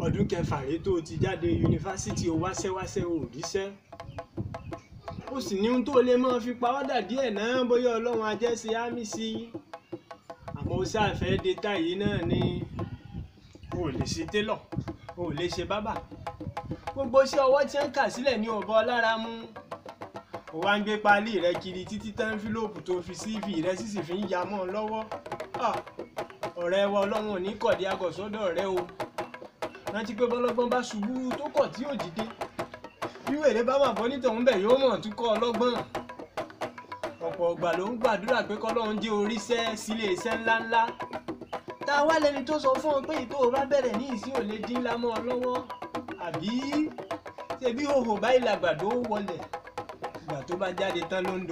ọdún kẹfà rèé tó o ti jáde yunifásitì o wáṣẹ́wáṣẹ́ o ríṣẹ́ o sì ní ohun tó lè máa fi pa ọ́dà díẹ̀ náà bóyá ọlọ́run ajẹ́sí ámì sí i àmọ́ o ṣàfẹ́ de táyì náà ni o ò lè ṣe télọ̀ o ò lè ṣe bábà gbogbo iṣẹ́ ọwọ́ tí ń kà sílẹ̀ ní ọ̀bọ lára mú o wá ń gbé páálí rẹ kiri títí tẹ́ńfílòpù tó fi síìfì rẹ sísì fi ń ya mọ́ ọ lọ́wọ́ ah! ọ̀rẹ́ wa ọlọ́run ò ní kọ̀dí agọ̀sọ́dọ̀ rẹ o rántí pé bọ́lọ́gbọ́n bá ṣubú tó kọ̀ tí ò dìde bí wèrè bá mà bọ́ nítòun bẹ̀ yóò mọ̀ tún kọ́ ọlọ́gbọ́n ọ̀pọ̀ ọgbà ló ń gbàdúrà pé kọ́lọ́run jẹ́ oríṣẹ́ sílé iṣẹ́ ńláńlá ta wá lẹni tó sọ fún ọ pé ìtò bá bẹ̀rẹ̀ ní ìsín ò lè dín lámọ́ ọ lọ́wọ́ àbí ṣebí hòhò báyìí làgbàdo wọlẹ̀ ìgbà tó bá jáde tán ló ń